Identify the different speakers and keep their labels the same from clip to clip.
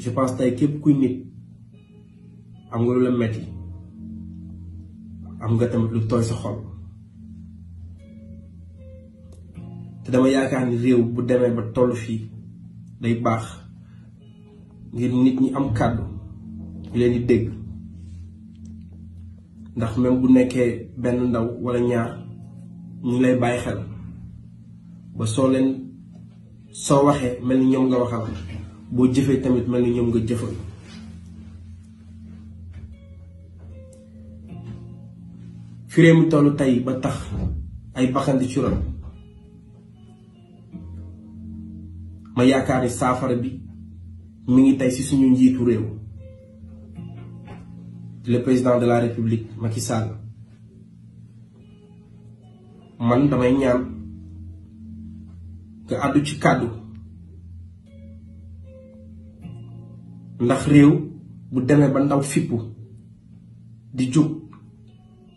Speaker 1: je pense tey képp kuy nit am nga lu la metti am nga tamit lu tooy sa xol te dama yaakaar ni réew bu demee ba toll fii day baax ngir nit ñi am kàddu ñu leen di dégg ndax même bu nekkee benn ndaw walla ñaar ñu ngi lay bàyyi xel ba soo leen soo waxee mel ni ñoom nga waxal boo jëfee tamit mel ni ñoom nga jëfal fi mi tollu tey ba tax ay bakkan di cural ma yaakaar saafara bi mi ngi tey ci suñu njiitu réew le président de la république Macky Sall man damay ñaan nga àddu ci kàddu ndax réew bu demee ba ndaw fippu di jóg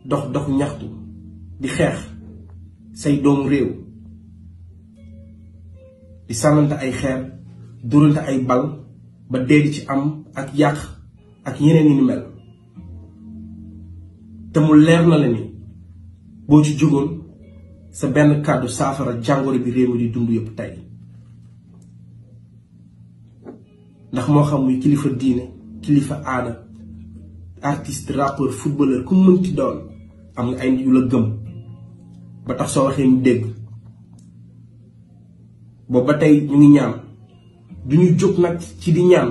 Speaker 1: dox doxu ñaxtu di xeex say doomu réew di sànnante ay xeer durante ay bal ba dee ci am ak yàq ak yeneen yi ni mel te mu leer na la ni boo ci jógoon sa benn kàddu saafara jàngoro bi réew mi di dund yëpp tey ndax moo xam muy kilifa diine kilifa aada artiste rappeur footballeur ku mënti doon am nga ay nit yu la gëm ba tax soo waxee ñu dégg boobu tey ñu ngi ñaan du ñu jóg nag ci di ñaan